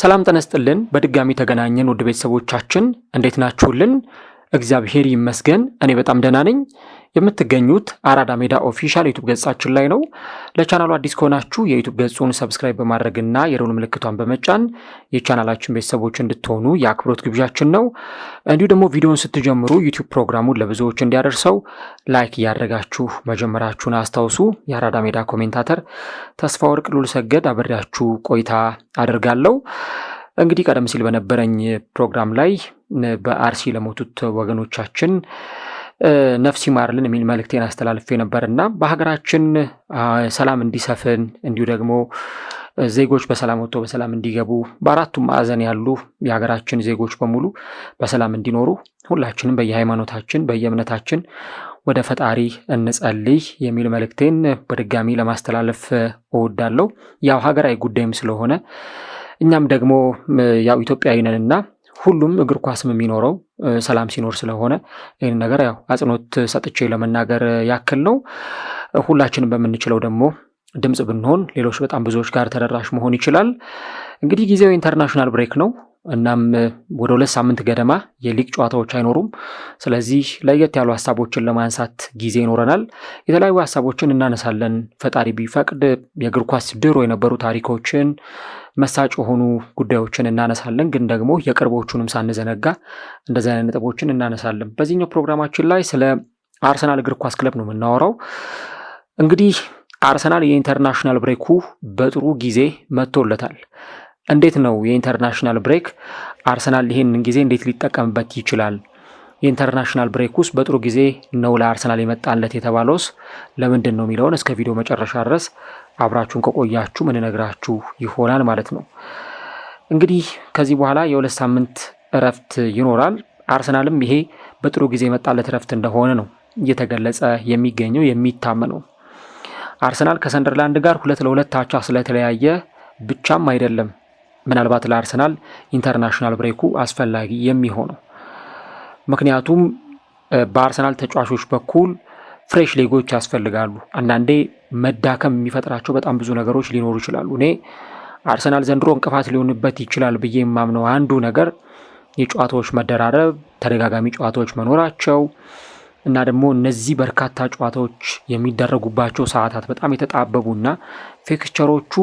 ሰላም ጠነስጥልን በድጋሚ ተገናኘን። ውድ ቤተሰቦቻችን እንዴት ናችሁልን? እግዚአብሔር ይመስገን እኔ በጣም ደህና ነኝ። የምትገኙት አራዳ ሜዳ ኦፊሻል ዩቱብ ገጻችን ላይ ነው። ለቻናሉ አዲስ ከሆናችሁ የዩቱብ ገጹን ሰብስክራይብ በማድረግና የደወል ምልክቷን በመጫን የቻናላችን ቤተሰቦች እንድትሆኑ የአክብሮት ግብዣችን ነው። እንዲሁ ደግሞ ቪዲዮውን ስትጀምሩ ዩቱብ ፕሮግራሙን ለብዙዎች እንዲያደርሰው ላይክ እያደረጋችሁ መጀመራችሁን አስታውሱ። የአራዳ ሜዳ ኮሜንታተር ተስፋ ወርቅ ሉልሰገድ ሰገድ አብሬያችሁ ቆይታ አደርጋለሁ። እንግዲህ ቀደም ሲል በነበረኝ ፕሮግራም ላይ በአርሲ ለሞቱት ወገኖቻችን ነፍስ ይማርልን የሚል መልእክቴን አስተላልፌ ነበር እና በሀገራችን ሰላም እንዲሰፍን እንዲሁ ደግሞ ዜጎች በሰላም ወጥቶ በሰላም እንዲገቡ በአራቱ ማዕዘን ያሉ የሀገራችን ዜጎች በሙሉ በሰላም እንዲኖሩ ሁላችንም በየሃይማኖታችን በየእምነታችን ወደ ፈጣሪ እንጸልይ የሚል መልእክቴን በድጋሚ ለማስተላለፍ እወዳለሁ። ያው ሀገራዊ ጉዳይም ስለሆነ እኛም ደግሞ ያው ኢትዮጵያዊ ነንና ሁሉም እግር ኳስም የሚኖረው ሰላም ሲኖር ስለሆነ ይህን ነገር ያው አጽንኦት ሰጥቼ ለመናገር ያክል ነው። ሁላችንም በምንችለው ደግሞ ድምፅ ብንሆን ሌሎች በጣም ብዙዎች ጋር ተደራሽ መሆን ይችላል። እንግዲህ ጊዜው ኢንተርናሽናል ብሬክ ነው። እናም ወደ ሁለት ሳምንት ገደማ የሊግ ጨዋታዎች አይኖሩም። ስለዚህ ለየት ያሉ ሀሳቦችን ለማንሳት ጊዜ ይኖረናል። የተለያዩ ሀሳቦችን እናነሳለን። ፈጣሪ ቢፈቅድ የእግር ኳስ ድሮ የነበሩ ታሪኮችን መሳጭ የሆኑ ጉዳዮችን እናነሳለን፣ ግን ደግሞ የቅርቦቹንም ሳንዘነጋ እንደዚህ አይነት ነጥቦችን እናነሳለን። በዚህኛው ፕሮግራማችን ላይ ስለ አርሰናል እግር ኳስ ክለብ ነው የምናወራው። እንግዲህ አርሰናል የኢንተርናሽናል ብሬኩ በጥሩ ጊዜ መጥቶለታል። እንዴት ነው የኢንተርናሽናል ብሬክ አርሰናል ይህንን ጊዜ እንዴት ሊጠቀምበት ይችላል? የኢንተርናሽናል ብሬክ ውስጥ በጥሩ ጊዜ ነው ለአርሰናል የመጣለት የተባለውስ ለምንድን ነው የሚለውን እስከ ቪዲዮ መጨረሻ ድረስ አብራችሁን ከቆያችሁ ምንነግራችሁ ይሆናል ማለት ነው። እንግዲህ ከዚህ በኋላ የሁለት ሳምንት እረፍት ይኖራል። አርሰናልም ይሄ በጥሩ ጊዜ የመጣለት እረፍት እንደሆነ ነው እየተገለጸ የሚገኘው የሚታመነው። አርሰናል ከሰንደርላንድ ጋር ሁለት ለሁለት አቻ ስለተለያየ ብቻም አይደለም ምናልባት ለአርሰናል ኢንተርናሽናል ብሬኩ አስፈላጊ የሚሆነው ምክንያቱም በአርሰናል ተጫዋቾች በኩል ፍሬሽ ሌጎች ያስፈልጋሉ። አንዳንዴ መዳከም የሚፈጥራቸው በጣም ብዙ ነገሮች ሊኖሩ ይችላሉ። እኔ አርሰናል ዘንድሮ እንቅፋት ሊሆንበት ይችላል ብዬ የማምነው አንዱ ነገር የጨዋታዎች መደራረብ፣ ተደጋጋሚ ጨዋታዎች መኖራቸው እና ደግሞ እነዚህ በርካታ ጨዋታዎች የሚደረጉባቸው ሰዓታት በጣም የተጣበቡና ፊክቸሮቹ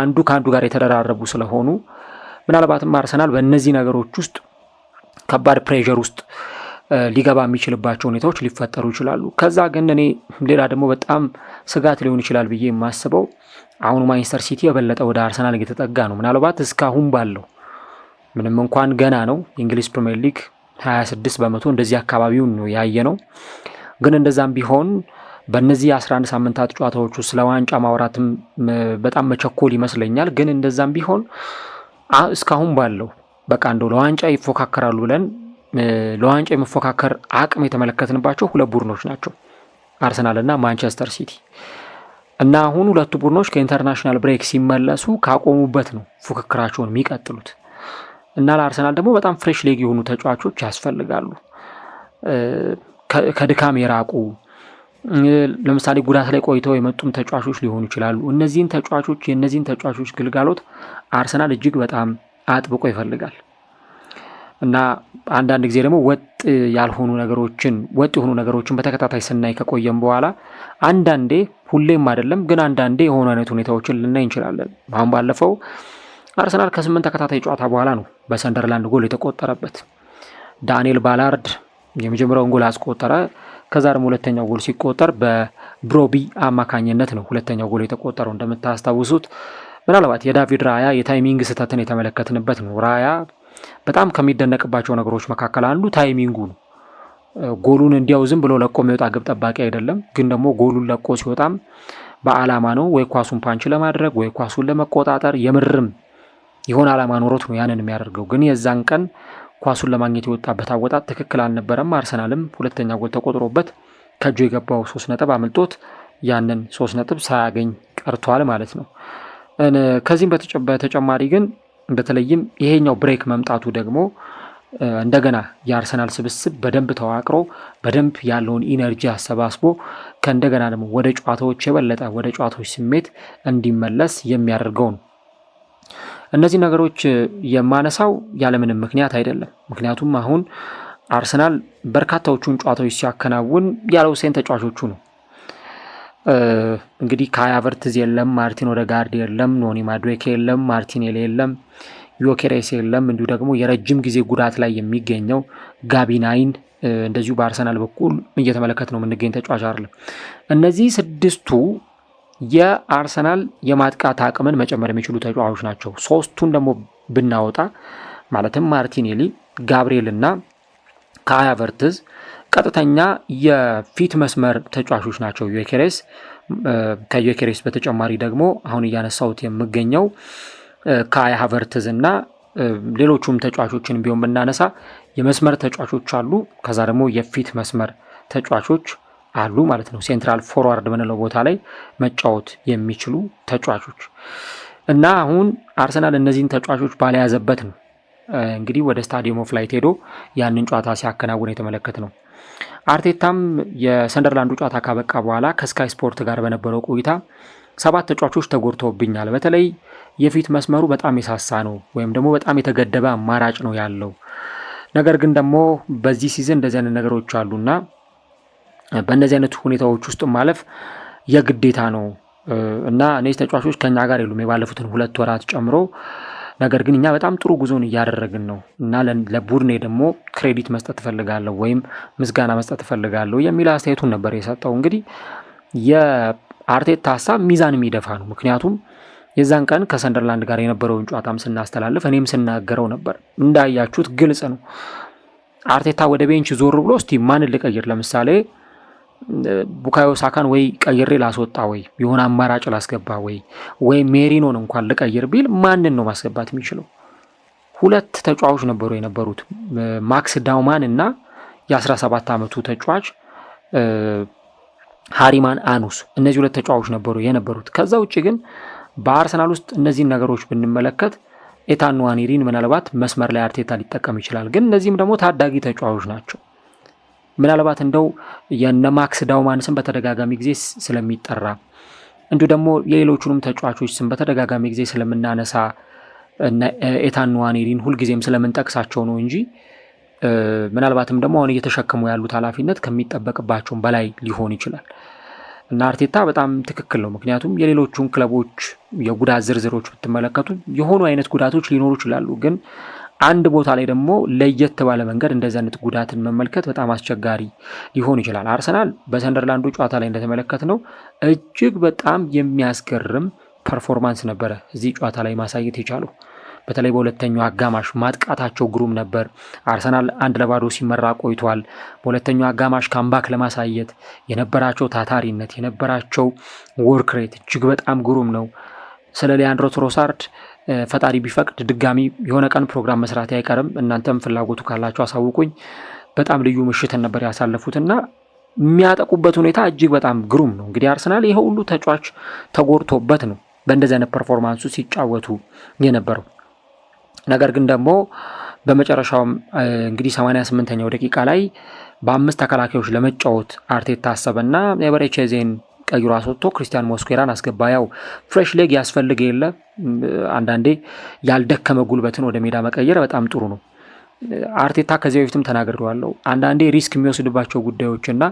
አንዱ ከአንዱ ጋር የተደራረቡ ስለሆኑ ምናልባትም አርሰናል በእነዚህ ነገሮች ውስጥ ከባድ ፕሬዠር ውስጥ ሊገባ የሚችልባቸው ሁኔታዎች ሊፈጠሩ ይችላሉ። ከዛ ግን እኔ ሌላ ደግሞ በጣም ስጋት ሊሆን ይችላል ብዬ የማስበው አሁኑ ማንቸስተር ሲቲ የበለጠ ወደ አርሰናል እየተጠጋ ነው። ምናልባት እስካሁን ባለው ምንም እንኳን ገና ነው የእንግሊዝ ፕሪምየር ሊግ 26 በመቶ እንደዚህ አካባቢውን ነው ያየ ነው። ግን እንደዛም ቢሆን በእነዚህ 11 ሳምንታት ጨዋታዎች ውስጥ ስለ ዋንጫ ማውራትም በጣም መቸኮል ይመስለኛል። ግን እንደዛም ቢሆን እስካሁን ባለው በቃ እንደው ለዋንጫ ይፎካከራሉ ብለን ለዋንጫ የመፎካከር አቅም የተመለከትንባቸው ሁለት ቡድኖች ናቸው፣ አርሰናል እና ማንቸስተር ሲቲ እና አሁን ሁለቱ ቡድኖች ከኢንተርናሽናል ብሬክ ሲመለሱ ካቆሙበት ነው ፉክክራቸውን የሚቀጥሉት እና ለአርሰናል ደግሞ በጣም ፍሬሽ ሌግ የሆኑ ተጫዋቾች ያስፈልጋሉ። ከድካም የራቁ ለምሳሌ ጉዳት ላይ ቆይተው የመጡም ተጫዋቾች ሊሆኑ ይችላሉ። እነዚህን ተጫዋቾች የእነዚህን ተጫዋቾች ግልጋሎት አርሰናል እጅግ በጣም አጥብቆ ይፈልጋል እና አንዳንድ ጊዜ ደግሞ ወጥ ያልሆኑ ነገሮችን ወጥ የሆኑ ነገሮችን በተከታታይ ስናይ ከቆየም በኋላ አንዳንዴ ሁሌም አይደለም ግን አንዳንዴ የሆኑ አይነት ሁኔታዎችን ልናይ እንችላለን። አሁን ባለፈው አርሰናል ከስምንት ተከታታይ ጨዋታ በኋላ ነው በሰንደርላንድ ጎል የተቆጠረበት። ዳንኤል ባላርድ የመጀመሪያውን ጎል አስቆጠረ። ከዛ ደግሞ ሁለተኛው ጎል ሲቆጠር በብሮቢ አማካኝነት ነው ሁለተኛው ጎል የተቆጠረው። እንደምታስታውሱት ምናልባት የዳቪድ ራያ የታይሚንግ ስህተትን የተመለከትንበት ነው። ራያ በጣም ከሚደነቅባቸው ነገሮች መካከል አንዱ ታይሚንጉ ነው። ጎሉን እንዲያው ዝም ብሎ ለቆ የሚወጣ ግብ ጠባቂ አይደለም። ግን ደግሞ ጎሉን ለቆ ሲወጣም በዓላማ ነው። ወይ ኳሱን ፓንች ለማድረግ ወይ ኳሱን ለመቆጣጠር የምርም የሆነ ዓላማ ኖሮት ነው ያንን የሚያደርገው። ግን የዛን ቀን ኳሱን ለማግኘት የወጣበት አወጣት ትክክል አልነበረም። አርሰናልም ሁለተኛ ጎል ተቆጥሮበት ከእጁ የገባው ሶስት ነጥብ አምልጦት ያንን ሶስት ነጥብ ሳያገኝ ቀርቷል ማለት ነው። ከዚህም በተጨማሪ ግን በተለይም ይሄኛው ብሬክ መምጣቱ ደግሞ እንደገና የአርሰናል ስብስብ በደንብ ተዋቅሮ በደንብ ያለውን ኢነርጂ አሰባስቦ ከእንደገና ደግሞ ወደ ጨዋታዎች የበለጠ ወደ ጨዋታዎች ስሜት እንዲመለስ የሚያደርገው ነው። እነዚህ ነገሮች የማነሳው ያለምንም ምክንያት አይደለም። ምክንያቱም አሁን አርሰናል በርካታዎቹን ጨዋታዎች ሲያከናውን ያለ ተጫዋቾቹ ነው እንግዲህ ከሀያ ቨርትዝ የለም፣ ማርቲን ኦዴጋርድ የለም፣ ኖኒ ማዱዌኬ የለም፣ ማርቲኔሊ የለም፣ ዮኬሬስ የለም። እንዲሁ ደግሞ የረጅም ጊዜ ጉዳት ላይ የሚገኘው ጋቢናይን እንደዚሁ በአርሰናል በኩል እየተመለከት ነው የምንገኝ ተጫዋች አይደለም። እነዚህ ስድስቱ የአርሰናል የማጥቃት አቅምን መጨመር የሚችሉ ተጫዋቾች ናቸው። ሶስቱን ደግሞ ብናወጣ ማለትም ማርቲኔሊ፣ ጋብሪኤል እና ካይ ቀጥተኛ የፊት መስመር ተጫዋቾች ናቸው ዩኬሬስ። ከዩኬሬስ በተጨማሪ ደግሞ አሁን እያነሳሁት የምገኘው ከአይ ሀቨርትዝ እና ሌሎቹም ተጫዋቾችን ቢሆን ብናነሳ የመስመር ተጫዋቾች አሉ። ከዛ ደግሞ የፊት መስመር ተጫዋቾች አሉ ማለት ነው። ሴንትራል ፎርዋርድ በምንለው ቦታ ላይ መጫወት የሚችሉ ተጫዋቾች እና አሁን አርሰናል እነዚህን ተጫዋቾች ባለያዘበት ነው እንግዲህ ወደ ስታዲየም ኦፍ ላይት ሄዶ ያንን ጨዋታ ሲያከናውን የተመለከት ነው። አርቴታም የሰንደርላንዱ ጨዋታ ካበቃ በኋላ ከስካይ ስፖርት ጋር በነበረው ቆይታ ሰባት ተጫዋቾች ተጎድተውብኛል፣ በተለይ የፊት መስመሩ በጣም የሳሳ ነው ወይም ደግሞ በጣም የተገደበ አማራጭ ነው ያለው። ነገር ግን ደግሞ በዚህ ሲዝን እንደዚህ አይነት ነገሮች አሉና በእነዚህ አይነት ሁኔታዎች ውስጥ ማለፍ የግዴታ ነው እና እነዚህ ተጫዋቾች ከኛ ጋር የሉም የባለፉትን ሁለት ወራት ጨምሮ ነገር ግን እኛ በጣም ጥሩ ጉዞን እያደረግን ነው እና ለቡድኔ ደግሞ ክሬዲት መስጠት እፈልጋለሁ ወይም ምስጋና መስጠት እፈልጋለሁ የሚል አስተያየቱን ነበር የሰጠው። እንግዲህ የአርቴታ ሀሳብ ሚዛን የሚደፋ ነው። ምክንያቱም የዛን ቀን ከሰንደርላንድ ጋር የነበረውን ጨዋታም ስናስተላልፍ እኔም ስናገረው ነበር። እንዳያችሁት ግልጽ ነው። አርቴታ ወደ ቤንች ዞር ብሎ እስቲ ማንን ልቀይር፣ ለምሳሌ ቡካዮ ሳካን ወይ ቀይሬ ላስወጣ ወይ የሆነ አማራጭ ላስገባ ወይ ወይ ሜሪኖን እንኳን ልቀይር ቢል ማንን ነው ማስገባት የሚችለው? ሁለት ተጫዋቾች ነበሩ የነበሩት ማክስ ዳውማን እና የ17 ዓመቱ ተጫዋች ሃሪማን አኑስ። እነዚህ ሁለት ተጫዋቾች ነበሩ የነበሩት። ከዛ ውጭ ግን በአርሰናል ውስጥ እነዚህን ነገሮች ብንመለከት ኤታን ንዋኔሪን ምናልባት መስመር ላይ አርቴታ ሊጠቀም ይችላል። ግን እነዚህም ደግሞ ታዳጊ ተጫዋቾች ናቸው። ምናልባት እንደው የነ ማክስ ዳውማንስን በተደጋጋሚ ጊዜ ስለሚጠራ እንዲሁ ደግሞ የሌሎቹንም ተጫዋቾች ስም በተደጋጋሚ ጊዜ ስለምናነሳ ኤታን ንዋኔሪን ሁልጊዜም ስለምንጠቅሳቸው ነው እንጂ ምናልባትም ደግሞ አሁን እየተሸከሙ ያሉት ኃላፊነት ከሚጠበቅባቸውም በላይ ሊሆን ይችላል እና አርቴታ በጣም ትክክል ነው። ምክንያቱም የሌሎቹን ክለቦች የጉዳት ዝርዝሮች ብትመለከቱ የሆኑ አይነት ጉዳቶች ሊኖሩ ይችላሉ ግን አንድ ቦታ ላይ ደግሞ ለየት ባለ መንገድ እንደዚህ አይነት ጉዳትን መመልከት በጣም አስቸጋሪ ሊሆን ይችላል። አርሰናል በሰንደርላንዱ ጨዋታ ላይ እንደተመለከት ነው እጅግ በጣም የሚያስገርም ፐርፎርማንስ ነበረ እዚህ ጨዋታ ላይ ማሳየት የቻሉ በተለይ በሁለተኛው አጋማሽ ማጥቃታቸው ግሩም ነበር። አርሰናል አንድ ለባዶ ሲመራ ቆይቷል። በሁለተኛው አጋማሽ ካምባክ ለማሳየት የነበራቸው ታታሪነት የነበራቸው ወርክሬት እጅግ በጣም ግሩም ነው። ስለ ሊያንድሮ ትሮሳርድ ፈጣሪ ቢፈቅድ ድጋሚ የሆነ ቀን ፕሮግራም መስራት አይቀርም። እናንተም ፍላጎቱ ካላችሁ አሳውቁኝ። በጣም ልዩ ምሽትን ነበር ያሳለፉትና የሚያጠቁበት ሁኔታ እጅግ በጣም ግሩም ነው። እንግዲህ አርሰናል ይሄ ሁሉ ተጫዋች ተጎድቶበት ነው በእንደዚህ አይነት ፐርፎርማንሱ ሲጫወቱ የነበረው። ነገር ግን ደግሞ በመጨረሻውም እንግዲህ 88ኛው ደቂቃ ላይ በአምስት ተከላካዮች ለመጫወት አርቴታ አሰበና ኤበሬቼዜን ቀይሮ አስወጥቶ ክርስቲያን ሞስኩዌራን አስገባ። ያው ፍሬሽ ሌግ ያስፈልግ የለ አንዳንዴ ያልደከመ ጉልበትን ወደ ሜዳ መቀየር በጣም ጥሩ ነው። አርቴታ ከዚህ በፊትም ተናግሬዋለሁ። አንዳንዴ ሪስክ የሚወስድባቸው ጉዳዮችና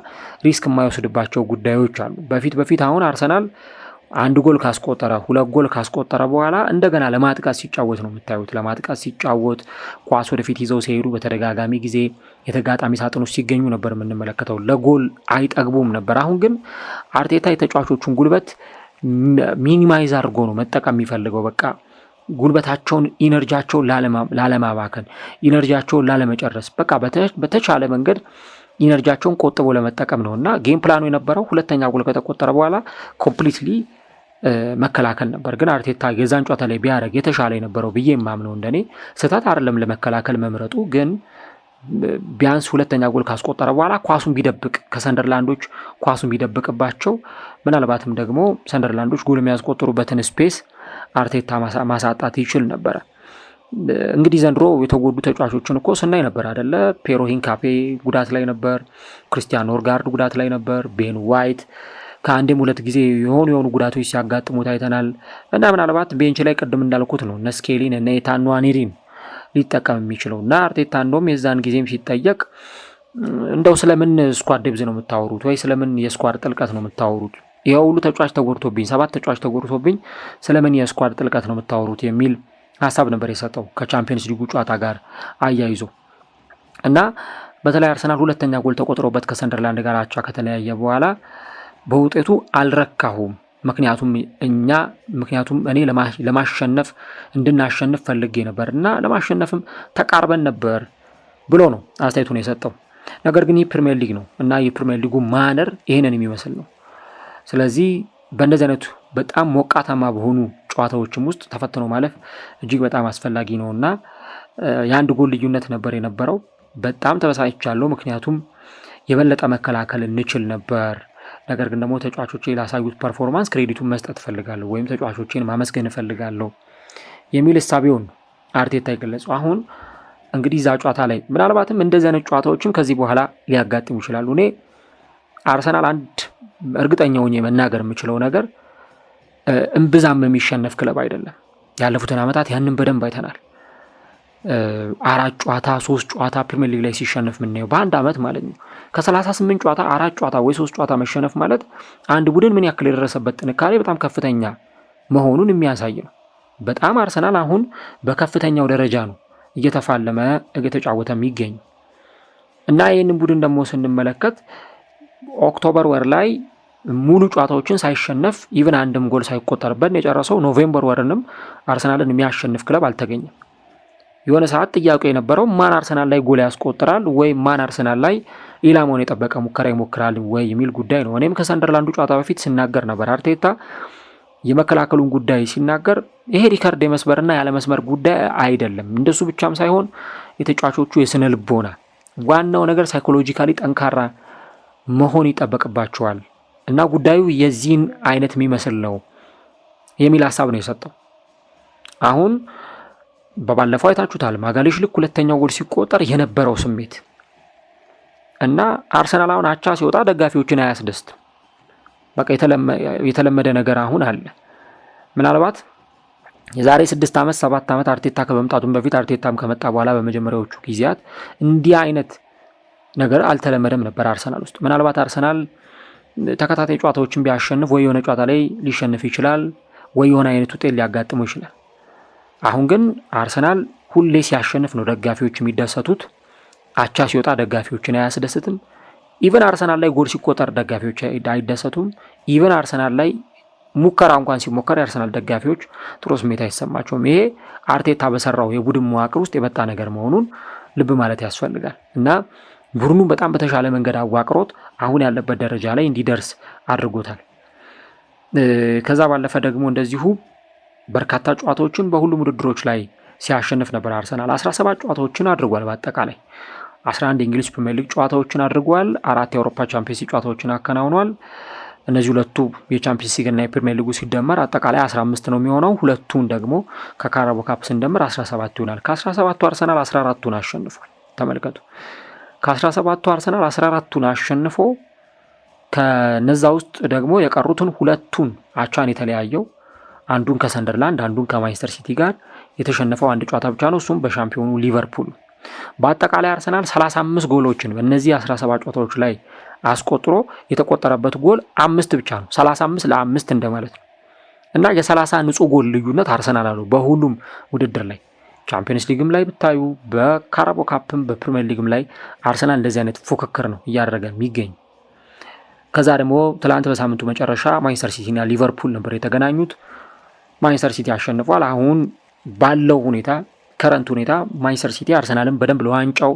ሪስክ የማይወስድባቸው ጉዳዮች አሉ። በፊት በፊት አሁን አርሰናል አንድ ጎል ካስቆጠረ ሁለት ጎል ካስቆጠረ በኋላ እንደገና ለማጥቃት ሲጫወት ነው የምታዩት። ለማጥቃት ሲጫወት ኳስ ወደፊት ይዘው ሲሄዱ በተደጋጋሚ ጊዜ የተጋጣሚ ሳጥን ውስጥ ሲገኙ ነበር የምንመለከተው። ለጎል አይጠግቡም ነበር። አሁን ግን አርቴታ የተጫዋቾቹን ጉልበት ሚኒማይዝ አድርጎ ነው መጠቀም የሚፈልገው። በቃ ጉልበታቸውን፣ ኢነርጂያቸውን ላለማባከን፣ ኢነርጂቸውን ላለመጨረስ፣ በቃ በተቻለ መንገድ ኢነርጂቸውን ቆጥቦ ለመጠቀም ነው እና ጌም ፕላኑ የነበረው ሁለተኛ ጎል ከተቆጠረ በኋላ ኮምፕሊትሊ መከላከል ነበር። ግን አርቴታ የዛን ጨዋታ ላይ ቢያደርግ የተሻለ የነበረው ብዬ የማምነው እንደኔ ስህተት አይደለም ለመከላከል መምረጡ ግን ቢያንስ ሁለተኛ ጎል ካስቆጠረ በኋላ ኳሱን ቢደብቅ ከሰንደርላንዶች ኳሱን ቢደብቅባቸው ምናልባትም ደግሞ ሰንደርላንዶች ጎል የሚያስቆጥሩበትን ስፔስ አርቴታ ማሳጣት ይችል ነበረ። እንግዲህ ዘንድሮ የተጎዱ ተጫዋቾችን እኮ ስናይ ነበር አደለ? ፔሮ ሂንካፔ ጉዳት ላይ ነበር፣ ክርስቲያን ኖርጋርድ ጉዳት ላይ ነበር፣ ቤን ዋይት ከአንዴም ሁለት ጊዜ የሆኑ የሆኑ ጉዳቶች ሲያጋጥሙት አይተናል እና ምናልባት ቤንች ላይ ቅድም እንዳልኩት ነው እነ ስኬሊን እነ ኤታን ንዋኔሪን ሊጠቀም የሚችለው እና አርቴታ እንደውም የዛን ጊዜም ሲጠየቅ እንደው ስለምን ስኳድ ደብዝ ነው የምታወሩት ወይ ስለምን የስኳድ ጥልቀት ነው የምታወሩት ይኸው ሁሉ ተጫዋች ተጎድቶብኝ ሰባት ተጫዋች ተጎድቶብኝ ስለምን የስኳድ ጥልቀት ነው የምታወሩት የሚል ሀሳብ ነበር የሰጠው ከቻምፒየንስ ሊጉ ጨዋታ ጋር አያይዞ እና በተለይ አርሰናል ሁለተኛ ጎል ተቆጥሮበት ከሰንደርላንድ ጋር አቻ ከተለያየ በኋላ በውጤቱ አልረካሁም። ምክንያቱም እኛ ምክንያቱም እኔ ለማሸነፍ እንድናሸንፍ ፈልጌ ነበር እና ለማሸነፍም ተቃርበን ነበር ብሎ ነው አስተያየቱን የሰጠው። ነገር ግን ይህ ፕሪሚየር ሊግ ነው እና የፕሪሚየር ሊጉ ማነር ይህንን የሚመስል ነው። ስለዚህ በእንደዚህ አይነቱ በጣም ሞቃታማ በሆኑ ጨዋታዎችም ውስጥ ተፈትኖ ማለፍ እጅግ በጣም አስፈላጊ ነው እና የአንድ ጎል ልዩነት ነበር የነበረው። በጣም ተበሳጭቻለሁ፣ ምክንያቱም የበለጠ መከላከል እንችል ነበር ነገር ግን ደግሞ ተጫዋቾቼ ላሳዩት ፐርፎርማንስ ክሬዲቱን መስጠት እፈልጋለሁ ወይም ተጫዋቾቼን ማመስገን እፈልጋለሁ የሚል እሳቤውን አርቴታ የገለጸው አሁን እንግዲህ እዛ ጨዋታ ላይ ምናልባትም እንደዚህ አይነት ጨዋታዎችም ከዚህ በኋላ ሊያጋጥሙ ይችላሉ። እኔ አርሰናል አንድ እርግጠኛ ሆኜ መናገር የምችለው ነገር እምብዛም የሚሸነፍ ክለብ አይደለም። ያለፉትን ዓመታት ያንን በደንብ አይተናል። አራት ጨዋታ ሶስት ጨዋታ ፕሪሚየር ሊግ ላይ ሲሸነፍ የምናየው በአንድ ዓመት ማለት ነው። ከ ስምንት ጨዋታ አራት ጨዋታ ወይ ሶስት ጨዋታ መሸነፍ ማለት አንድ ቡድን ምን ያክል የደረሰበት ጥንካሬ በጣም ከፍተኛ መሆኑን የሚያሳይ ነው። በጣም አርሰናል አሁን በከፍተኛው ደረጃ ነው እየተፋለመ እየተጫወተ የሚገኝ እና ይህንን ቡድን ደግሞ ስንመለከት ኦክቶበር ወር ላይ ሙሉ ጨዋታዎችን ሳይሸነፍ ኢቭን አንድም ጎል ሳይቆጠርበት የጨረሰው ኖቬምበር ወርንም አርሰናልን የሚያሸንፍ ክለብ አልተገኘም። የሆነ ሰዓት ጥያቄው የነበረው ማን አርሰናል ላይ ጎል ያስቆጥራል ወይ ማን አርሰናል ላይ ኢላማውን የጠበቀ ሙከራ ይሞክራል ወይ የሚል ጉዳይ ነው። እኔም ከሰንደርላንዱ ጨዋታ በፊት ስናገር ነበር። አርቴታ የመከላከሉን ጉዳይ ሲናገር ይሄ ሪካርድ የመስበርና ያለመስመር ጉዳይ አይደለም፣ እንደሱ ብቻም ሳይሆን የተጫዋቾቹ የስነ ልቦና ዋናው ነገር ሳይኮሎጂካሊ ጠንካራ መሆን ይጠበቅባቸዋል እና ጉዳዩ የዚህን አይነት የሚመስል ነው የሚል ሀሳብ ነው የሰጠው አሁን በባለፈው አይታችሁታል ማጋሌሽ ልክ ሁለተኛው ጎል ሲቆጠር የነበረው ስሜት እና አርሰናል አሁን አቻ ሲወጣ ደጋፊዎችን አያስደስትም። በቃ የተለመደ ነገር አሁን አለ። ምናልባት የዛሬ ስድስት ዓመት ሰባት ዓመት አርቴታ ከመምጣቱን በፊት አርቴታም ከመጣ በኋላ በመጀመሪያዎቹ ጊዜያት እንዲህ አይነት ነገር አልተለመደም ነበር አርሰናል ውስጥ። ምናልባት አርሰናል ተከታታይ ጨዋታዎችን ቢያሸንፍ ወይ የሆነ ጨዋታ ላይ ሊሸንፍ ይችላል፣ ወይ የሆነ አይነት ውጤት ሊያጋጥሙ ይችላል። አሁን ግን አርሰናል ሁሌ ሲያሸንፍ ነው ደጋፊዎች የሚደሰቱት። አቻ ሲወጣ ደጋፊዎችን አያስደስትም። ኢቨን አርሰናል ላይ ጎል ሲቆጠር ደጋፊዎች አይደሰቱም። ኢቨን አርሰናል ላይ ሙከራ እንኳን ሲሞከር የአርሰናል ደጋፊዎች ጥሩ ስሜት አይሰማቸውም። ይሄ አርቴታ በሰራው የቡድን መዋቅር ውስጥ የመጣ ነገር መሆኑን ልብ ማለት ያስፈልጋል እና ቡድኑ በጣም በተሻለ መንገድ አዋቅሮት አሁን ያለበት ደረጃ ላይ እንዲደርስ አድርጎታል። ከዛ ባለፈ ደግሞ እንደዚሁ በርካታ ጨዋታዎችን በሁሉም ውድድሮች ላይ ሲያሸንፍ ነበር። አርሰናል 17 ጨዋታዎችን አድርጓል። በአጠቃላይ 11 የእንግሊዝ ፕሪምየር ሊግ ጨዋታዎችን አድርጓል። አራት የአውሮፓ ቻምፒየንስ ሊግ ጨዋታዎችን አከናውኗል። እነዚህ ሁለቱ የቻምፒየንስ ሊግና የፕሪምየር ሊጉ ሲደመር አጠቃላይ 15 ነው የሚሆነው። ሁለቱን ደግሞ ከካራቦ ካፕ ስንደምር 17 ይሆናል። ከ17ቱ አርሰናል 14ቱን አሸንፏል። ተመልከቱ። ከ17ቱ አርሰናል 14ቱን አሸንፎ ከነዛ ውስጥ ደግሞ የቀሩትን ሁለቱን አቻን የተለያየው አንዱን ከሰንደርላንድ አንዱን ከማንችስተር ሲቲ ጋር የተሸነፈው አንድ ጨዋታ ብቻ ነው። እሱም በሻምፒዮኑ ሊቨርፑል። በአጠቃላይ አርሰናል 35 ጎሎችን በእነዚህ 17 ጨዋታዎች ላይ አስቆጥሮ የተቆጠረበት ጎል አምስት ብቻ ነው። 35 ለአምስት እንደማለት ነው እና የ30 ንጹህ ጎል ልዩነት አርሰናል አለው በሁሉም ውድድር ላይ ቻምፒንስ ሊግም ላይ ብታዩ በካራቦ ካፕም በፕሪሚየር ሊግም ላይ አርሰናል እንደዚህ አይነት ፉክክር ነው እያደረገ የሚገኝ። ከዛ ደግሞ ትላንት በሳምንቱ መጨረሻ ማንቸስተር ሲቲና ሊቨርፑል ነበር የተገናኙት። ማንቸስተር ሲቲ አሸንፏል። አሁን ባለው ሁኔታ ከረንት ሁኔታ ማንቸስተር ሲቲ አርሰናልን በደንብ ለዋንጫው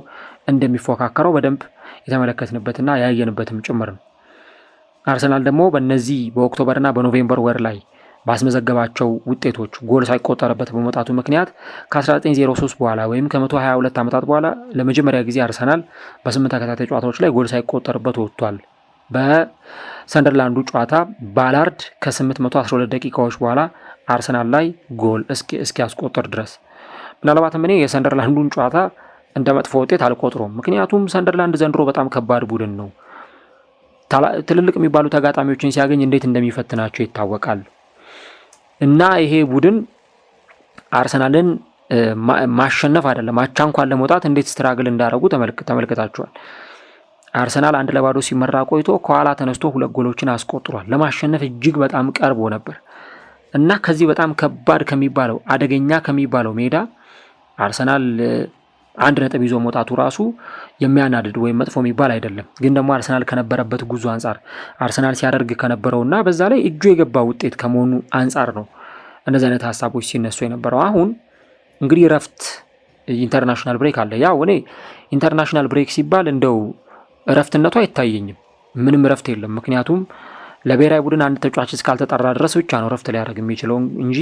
እንደሚፎካከረው በደንብ የተመለከትንበትና ያየንበትም ጭምር ነው። አርሰናል ደግሞ በእነዚህ በኦክቶበርና በኖቬምበር ወር ላይ ባስመዘገባቸው ውጤቶች ጎል ሳይቆጠርበት በመውጣቱ ምክንያት ከ1903 በኋላ ወይም ከ122 ዓመታት በኋላ ለመጀመሪያ ጊዜ አርሰናል በስምንት ተከታታይ ጨዋታዎች ላይ ጎል ሳይቆጠርበት ወጥቷል። በሰንደርላንዱ ጨዋታ ባላርድ ከ812 ደቂቃዎች በኋላ አርሰናል ላይ ጎል እስኪ እስኪያስቆጥር ድረስ ምናልባትም እኔ የሰንደርላንዱን ጨዋታ እንደ መጥፎ ውጤት አልቆጥሮም። ምክንያቱም ሰንደርላንድ ዘንድሮ በጣም ከባድ ቡድን ነው። ትልልቅ የሚባሉ ተጋጣሚዎችን ሲያገኝ እንዴት እንደሚፈትናቸው ይታወቃል። እና ይሄ ቡድን አርሰናልን ማሸነፍ አይደለም አቻ እንኳን ለመውጣት እንዴት ስትራግል እንዳደረጉ ተመልክታችኋል። አርሰናል አንድ ለባዶ ሲመራ ቆይቶ ከኋላ ተነስቶ ሁለት ጎሎችን አስቆጥሯል። ለማሸነፍ እጅግ በጣም ቀርቦ ነበር። እና ከዚህ በጣም ከባድ ከሚባለው አደገኛ ከሚባለው ሜዳ አርሰናል አንድ ነጥብ ይዞ መውጣቱ ራሱ የሚያናድድ ወይም መጥፎ የሚባል አይደለም። ግን ደግሞ አርሰናል ከነበረበት ጉዞ አንጻር አርሰናል ሲያደርግ ከነበረው እና በዛ ላይ እጁ የገባ ውጤት ከመሆኑ አንጻር ነው እነዚህ አይነት ሀሳቦች ሲነሱ የነበረው። አሁን እንግዲህ እረፍት ኢንተርናሽናል ብሬክ አለ። ያው እኔ ኢንተርናሽናል ብሬክ ሲባል እንደው እረፍትነቱ አይታየኝም፣ ምንም እረፍት የለም። ምክንያቱም ለብሔራዊ ቡድን አንድ ተጫዋች እስካልተጠራ ድረስ ብቻ ነው ረፍት ሊያደርግ የሚችለው እንጂ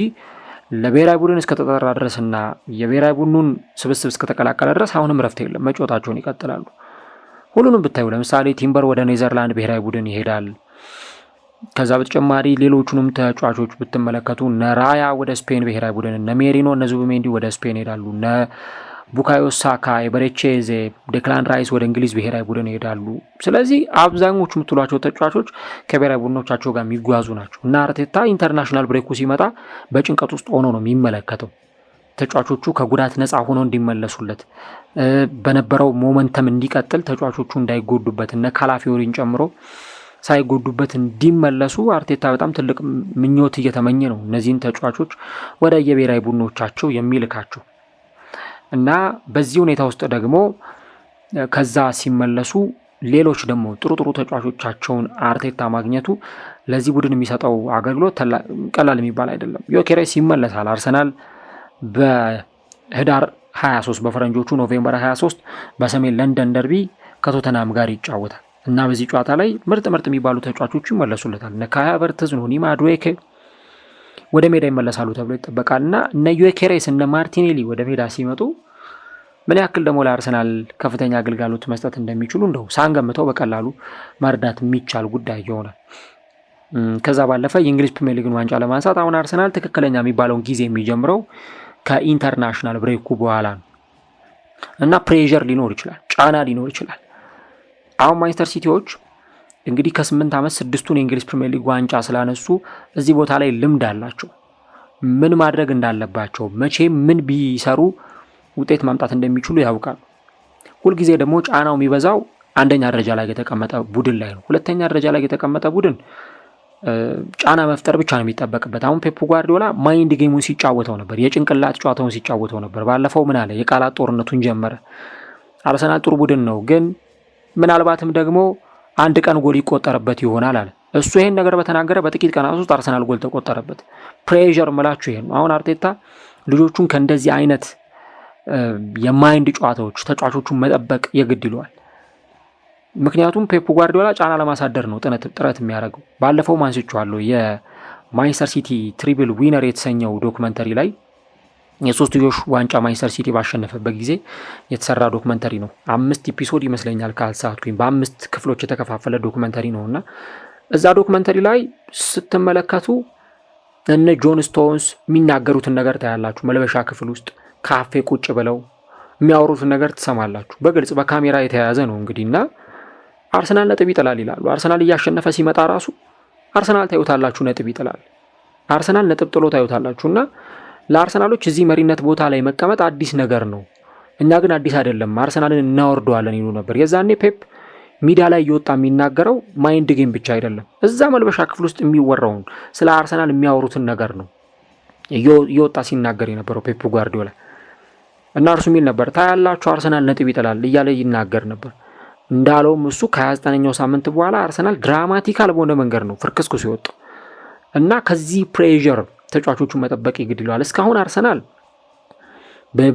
ለብሔራዊ ቡድን እስከተጠራ እና የብሔራዊ ቡድኑን ስብስብ እስከተቀላቀለ ድረስ አሁንም ረፍት የለም፣ መጫወታቸውን ይቀጥላሉ። ሁሉንም ብታዩ ለምሳሌ ቲምበር ወደ ኔዘርላንድ ብሔራዊ ቡድን ይሄዳል። ከዛ በተጨማሪ ሌሎቹንም ተጫዋቾች ብትመለከቱ ነራያ ወደ ስፔን ብሔራዊ ቡድን፣ እነ ሜሪኖ፣ እነ ዙብሜንዲ ወደ ስፔን ይሄዳሉ። ቡካዮ ሳካ፣ የበሬቼዜ፣ ዴክላን ራይስ ወደ እንግሊዝ ብሔራዊ ቡድን ይሄዳሉ። ስለዚህ አብዛኞቹ የምትሏቸው ተጫዋቾች ከብሔራዊ ቡድኖቻቸው ጋር የሚጓዙ ናቸው እና አርቴታ ኢንተርናሽናል ብሬኩ ሲመጣ በጭንቀት ውስጥ ሆኖ ነው የሚመለከተው። ተጫዋቾቹ ከጉዳት ነፃ ሆኖ እንዲመለሱለት በነበረው ሞመንተም እንዲቀጥል ተጫዋቾቹ እንዳይጎዱበት እነ ካላፊዮሪን ጨምሮ ሳይጎዱበት እንዲመለሱ አርቴታ በጣም ትልቅ ምኞት እየተመኘ ነው እነዚህን ተጫዋቾች ወደ የብሔራዊ ቡድኖቻቸው የሚልካቸው። እና በዚህ ሁኔታ ውስጥ ደግሞ ከዛ ሲመለሱ ሌሎች ደግሞ ጥሩ ጥሩ ተጫዋቾቻቸውን አርቴታ ማግኘቱ ለዚህ ቡድን የሚሰጠው አገልግሎት ቀላል የሚባል አይደለም። ዮኬሬስ ይመለሳል። አርሰናል በህዳር 23 በፈረንጆቹ ኖቬምበር 23 በሰሜን ለንደን ደርቢ ከቶተናም ጋር ይጫወታል እና በዚህ ጨዋታ ላይ ምርጥ ምርጥ የሚባሉ ተጫዋቾቹ ይመለሱለታል። እነ ካያ ማዱዌኬ ወደ ሜዳ ይመለሳሉ ተብሎ ይጠበቃል እና እነ ዩኬሬስ እነ ማርቲኔሊ ወደ ሜዳ ሲመጡ ምን ያክል ደግሞ ለአርሰናል ከፍተኛ አገልጋሎት መስጠት እንደሚችሉ እንደው ሳንገምተው በቀላሉ መርዳት የሚቻል ጉዳይ ይሆናል። ከዛ ባለፈ የእንግሊዝ ፕሪሚየር ሊግን ዋንጫ ለማንሳት አሁን አርሰናል ትክክለኛ የሚባለውን ጊዜ የሚጀምረው ከኢንተርናሽናል ብሬኩ በኋላ ነው እና ፕሬዠር ሊኖር ይችላል፣ ጫና ሊኖር ይችላል። አሁን ማንቸስተር ሲቲዎች እንግዲህ ከስምንት ዓመት ስድስቱን የእንግሊዝ ፕሪምየር ሊግ ዋንጫ ስላነሱ እዚህ ቦታ ላይ ልምድ አላቸው። ምን ማድረግ እንዳለባቸው መቼም ምን ቢሰሩ ውጤት ማምጣት እንደሚችሉ ያውቃሉ። ሁልጊዜ ደግሞ ጫናው የሚበዛው አንደኛ ደረጃ ላይ የተቀመጠ ቡድን ላይ ነው። ሁለተኛ ደረጃ ላይ የተቀመጠ ቡድን ጫና መፍጠር ብቻ ነው የሚጠበቅበት። አሁን ፔፕ ጓርዲዮላ ማይንድ ጌሙን ሲጫወተው ነበር፣ የጭንቅላት ጨዋታውን ሲጫወተው ነበር። ባለፈው ምን አለ? የቃላት ጦርነቱን ጀመረ። አርሰናል ጥሩ ቡድን ነው፣ ግን ምናልባትም ደግሞ አንድ ቀን ጎል ይቆጠርበት ይሆናል አለ። እሱ ይህን ነገር በተናገረ በጥቂት ቀናት ውስጥ አርሰናል ጎል ተቆጠረበት። ፕሬር ምላችሁ ይሄን ነው። አሁን አርቴታ ልጆቹን ከእንደዚህ አይነት የማይንድ ጨዋታዎች ተጫዋቾቹን መጠበቅ የግድ ይለዋል። ምክንያቱም ፔፕ ጓርዲዮላ ጫና ለማሳደር ነው ጥረት የሚያደርገው። ባለፈው አንስቼዋለሁ የማንቸስተር ሲቲ ትሪብል ዊነር የተሰኘው ዶክመንተሪ ላይ የሶስትዮሽ ዋንጫ ማንቸስተር ሲቲ ባሸነፈበት ጊዜ የተሰራ ዶክመንተሪ ነው። አምስት ኤፒሶድ ይመስለኛል ካልሳትኩኝ፣ በአምስት ክፍሎች የተከፋፈለ ዶክመንተሪ ነው እና እዛ ዶክመንተሪ ላይ ስትመለከቱ እነ ጆን ስቶንስ የሚናገሩትን ነገር ታያላችሁ። መልበሻ ክፍል ውስጥ ካፌ ቁጭ ብለው የሚያወሩትን ነገር ትሰማላችሁ። በግልጽ በካሜራ የተያያዘ ነው እንግዲህ እና አርሰናል ነጥብ ይጥላል ይላሉ። አርሰናል እያሸነፈ ሲመጣ ራሱ አርሰናል ታዩታላችሁ፣ ነጥብ ይጥላል። አርሰናል ነጥብ ጥሎ ታዩታላችሁ እና ለአርሰናሎች እዚህ መሪነት ቦታ ላይ መቀመጥ አዲስ ነገር ነው፣ እኛ ግን አዲስ አይደለም፣ አርሰናልን እናወርደዋለን ይሉ ነበር። የዛኔ ፔፕ ሚዲያ ላይ እየወጣ የሚናገረው ማይንድ ጌም ብቻ አይደለም፣ እዛ መልበሻ ክፍል ውስጥ የሚወራውን ስለ አርሰናል የሚያወሩትን ነገር ነው እየወጣ ሲናገር የነበረው ፔፕ ጓርዲዮላ እና እርሱ የሚል ነበር ታያላችሁ፣ አርሰናል ነጥብ ይጥላል እያለ ይናገር ነበር። እንዳለውም እሱ ከ29ኛው ሳምንት በኋላ አርሰናል ድራማቲካል በሆነ መንገድ ነው ፍርክስኩ ሲወጣ እና ከዚህ ፕሬዠር ተጫዋቾቹን መጠበቅ የግድ ይለዋል። እስካሁን አርሰናል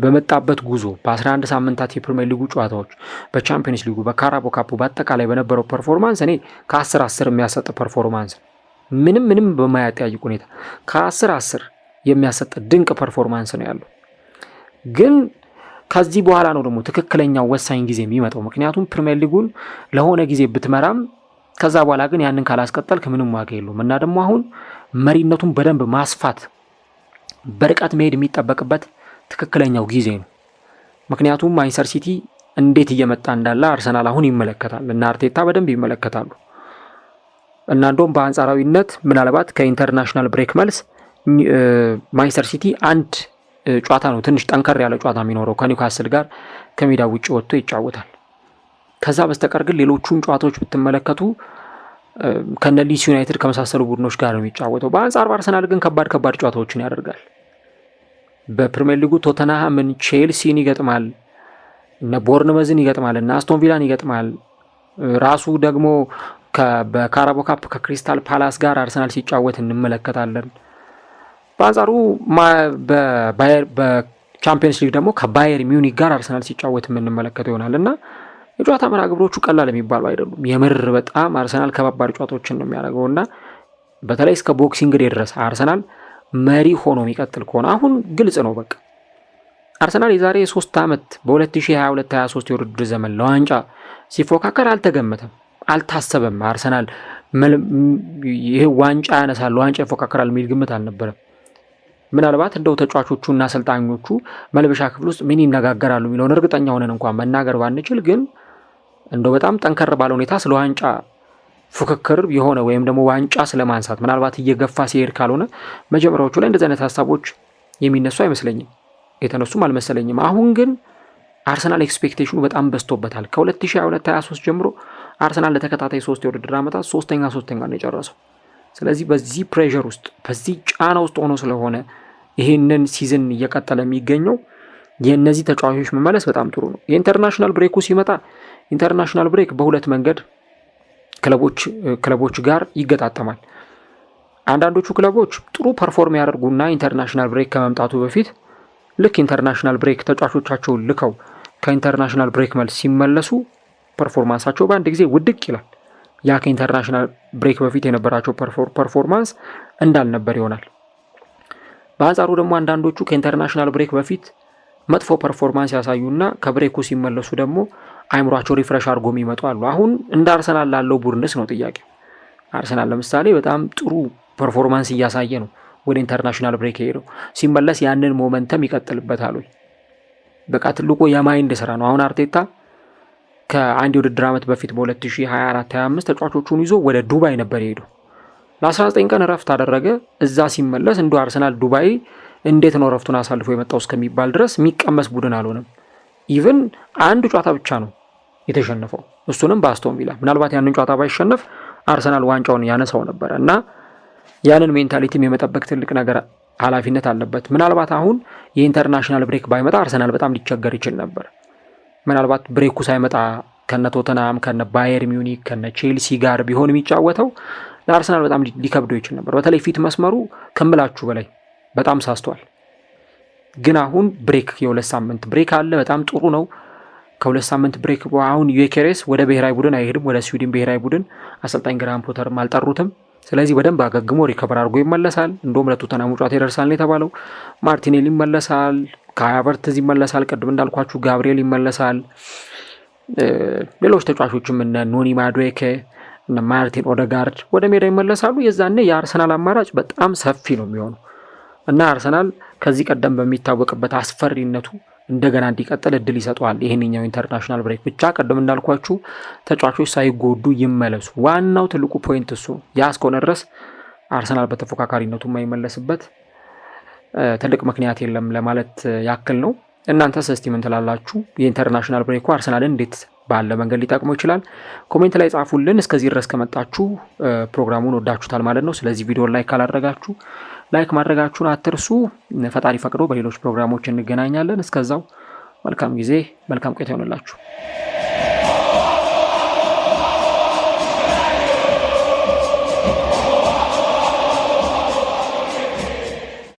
በመጣበት ጉዞ በ11 ሳምንታት የፕሪሚየር ሊጉ ጨዋታዎች በቻምፒዮንስ ሊጉ በካራቦ ካፑ በአጠቃላይ በነበረው ፐርፎርማንስ እኔ ከ10 10 የሚያሰጥ ፐርፎርማንስ ምንም ምንም በማያጠያይቅ ሁኔታ ከ10 10 የሚያሰጥ ድንቅ ፐርፎርማንስ ነው ያለው። ግን ከዚህ በኋላ ነው ደግሞ ትክክለኛው ወሳኝ ጊዜ የሚመጣው። ምክንያቱም ፕሪሚየር ሊጉን ለሆነ ጊዜ ብትመራም ከዛ በኋላ ግን ያንን ካላስቀጠልክ ምንም ዋጋ የለውም እና ደግሞ አሁን መሪነቱን በደንብ ማስፋት በርቀት መሄድ የሚጠበቅበት ትክክለኛው ጊዜ ነው። ምክንያቱም ማንቸስተር ሲቲ እንዴት እየመጣ እንዳለ አርሰናል አሁን ይመለከታል እና አርቴታ በደንብ ይመለከታሉ እና እንደውም በአንጻራዊነት ምናልባት ከኢንተርናሽናል ብሬክ መልስ ማንቸስተር ሲቲ አንድ ጨዋታ ነው ትንሽ ጠንከር ያለ ጨዋታ የሚኖረው ከኒውካስል ጋር ከሜዳ ውጭ ወጥቶ ይጫወታል። ከዛ በስተቀር ግን ሌሎቹን ጨዋታዎች ብትመለከቱ ከነ ሊስ ዩናይትድ ከመሳሰሉ ቡድኖች ጋር ነው የሚጫወተው። በአንጻር በአርሰናል ግን ከባድ ከባድ ጨዋታዎችን ያደርጋል። በፕሪምየር ሊጉ ቶተንሃምን፣ ቼልሲን ይገጥማል፣ እነ ቦርንመዝን ይገጥማል፣ እነ አስቶን ቪላን ይገጥማል። ራሱ ደግሞ በካራቦ ካፕ ከክሪስታል ፓላስ ጋር አርሰናል ሲጫወት እንመለከታለን። በአንጻሩ በቻምፒየንስ ሊግ ደግሞ ከባየር ሚዩኒክ ጋር አርሰናል ሲጫወት የምንመለከተው ይሆናል እና የጨዋታ መርሃ ግብሮቹ ቀላል የሚባሉ አይደሉም። የምር በጣም አርሰናል ከባባድ ጨዋታዎችን ነው የሚያደርገው እና በተለይ እስከ ቦክሲንግ ዴይ ድረስ አርሰናል መሪ ሆኖ የሚቀጥል ከሆነ አሁን ግልጽ ነው በቃ አርሰናል የዛሬ ሶስት ዓመት በ2022/23 የውድድር ዘመን ለዋንጫ ሲፎካከር አልተገመተም፣ አልታሰበም። አርሰናል ይህ ዋንጫ ያነሳል፣ ዋንጫ ይፎካከራል የሚል ግምት አልነበረም። ምናልባት እንደው ተጫዋቾቹ እና አሰልጣኞቹ መልበሻ ክፍል ውስጥ ምን ይነጋገራሉ የሚለውን እርግጠኛ ሆነን እንኳን መናገር ባንችል ግን እንደ በጣም ጠንከር ባለ ሁኔታ ስለ ዋንጫ ፉክክር የሆነ ወይም ደግሞ ዋንጫ ስለማንሳት ምናልባት እየገፋ ሲሄድ ካልሆነ መጀመሪያዎቹ ላይ እንደዚህ አይነት ሀሳቦች የሚነሱ አይመስለኝም፣ የተነሱም አልመሰለኝም። አሁን ግን አርሰናል ኤክስፔክቴሽኑ በጣም በዝቶበታል። ከ2022/23 ጀምሮ አርሰናል ለተከታታይ ሶስት የውድድር ዓመታት ሶስተኛ ሶስተኛ ነው የጨረሰው። ስለዚህ በዚህ ፕሬር ውስጥ በዚህ ጫና ውስጥ ሆኖ ስለሆነ ይህንን ሲዝን እየቀጠለ የሚገኘው የእነዚህ ተጫዋቾች መመለስ በጣም ጥሩ ነው። የኢንተርናሽናል ብሬኩ ሲመጣ ኢንተርናሽናል ብሬክ በሁለት መንገድ ክለቦች ክለቦች ጋር ይገጣጠማል። አንዳንዶቹ ክለቦች ጥሩ ፐርፎርም ያደርጉና ኢንተርናሽናል ብሬክ ከመምጣቱ በፊት ልክ ኢንተርናሽናል ብሬክ ተጫዋቾቻቸውን ልከው ከኢንተርናሽናል ብሬክ መልስ ሲመለሱ ፐርፎርማንሳቸው በአንድ ጊዜ ውድቅ ይላል። ያ ከኢንተርናሽናል ብሬክ በፊት የነበራቸው ፐርፎርማንስ እንዳልነበር ይሆናል። በአንጻሩ ደግሞ አንዳንዶቹ ከኢንተርናሽናል ብሬክ በፊት መጥፎ ፐርፎርማንስ ያሳዩና ከብሬኩ ሲመለሱ ደግሞ አይምሯቸው ሪፍረሽ አድርጎ የሚመጡ አሉ። አሁን እንደ አርሰናል ላለው ቡድንስ ነው ጥያቄ። አርሰናል ለምሳሌ በጣም ጥሩ ፐርፎርማንስ እያሳየ ነው ወደ ኢንተርናሽናል ብሬክ የሄደው። ሲመለስ ያንን ሞመንተም ይቀጥልበታል ወይ? በቃ ትልቁ የማይንድ ስራ ነው። አሁን አርቴታ ከአንድ የውድድር ዓመት በፊት በ2024/25 ተጫዋቾቹን ይዞ ወደ ዱባይ ነበር የሄደው። ለ19 ቀን እረፍት አደረገ። እዛ ሲመለስ እንደ አርሰናል ዱባይ እንዴት ነው ረፍቱን አሳልፎ የመጣው እስከሚባል ድረስ የሚቀመስ ቡድን አልሆነም። ኢቭን አንድ ጨዋታ ብቻ ነው የተሸነፈው፣ እሱንም በአስቶን ቪላ። ምናልባት ያንን ጨዋታ ባይሸነፍ አርሰናል ዋንጫውን ያነሳው ነበረ እና ያንን ሜንታሊቲም የመጠበቅ ትልቅ ነገር ኃላፊነት አለበት። ምናልባት አሁን የኢንተርናሽናል ብሬክ ባይመጣ አርሰናል በጣም ሊቸገር ይችል ነበር። ምናልባት ብሬኩ ሳይመጣ ከነ ቶተናም ከነ ባየር ሚኒክ ከነ ቼልሲ ጋር ቢሆን የሚጫወተው ለአርሰናል በጣም ሊከብደው ይችል ነበር። በተለይ ፊት መስመሩ ከምላችሁ በላይ በጣም ሳስቷል። ግን አሁን ብሬክ የሁለት ሳምንት ብሬክ አለ። በጣም ጥሩ ነው። ከሁለት ሳምንት ብሬክ አሁን ዩኬሬስ ወደ ብሔራዊ ቡድን አይሄድም። ወደ ስዊድን ብሔራዊ ቡድን አሰልጣኝ ግራም ፖተርም አልጠሩትም። ስለዚህ በደንብ አገግሞ ሪከበር አድርጎ ይመለሳል። እንደውም ለቶተናሙ ጨዋታ ይደርሳል ነው የተባለው። ማርቲኔል ይመለሳል፣ ካይ ሃቨርትዝ ይመለሳል፣ ቅድም እንዳልኳችሁ ጋብሪኤል ይመለሳል። ሌሎች ተጫዋቾችም እነ ኖኒ ማዱዌኬ እነ ማርቲን ኦደጋርድ ወደ ሜዳ ይመለሳሉ። የዛኔ የአርሰናል አማራጭ በጣም ሰፊ ነው የሚሆነው። እና አርሰናል ከዚህ ቀደም በሚታወቅበት አስፈሪነቱ እንደገና እንዲቀጥል እድል ይሰጠዋል። ይህንኛው ኢንተርናሽናል ብሬክ ብቻ ቀደም እንዳልኳችሁ ተጫዋቾች ሳይጎዱ ይመለሱ። ዋናው ትልቁ ፖይንት እሱ ያ እስከሆነ ድረስ አርሰናል በተፎካካሪነቱ የማይመለስበት ትልቅ ምክንያት የለም ለማለት ያክል ነው። እናንተስ እስቲ ምን ትላላችሁ? የኢንተርናሽናል ብሬኩ አርሰናልን እንዴት ባለ መንገድ ሊጠቅመው ይችላል? ኮሜንት ላይ ጻፉልን። እስከዚህ ድረስ ከመጣችሁ ፕሮግራሙን ወዳችሁታል ማለት ነው። ስለዚህ ቪዲዮ ላይ ካላደረጋችሁ ላይክ ማድረጋችሁን አትርሱ። ፈጣሪ ፈቅዶ በሌሎች ፕሮግራሞች እንገናኛለን። እስከዛው መልካም ጊዜ፣ መልካም ቆይታ ይሆንላችሁ።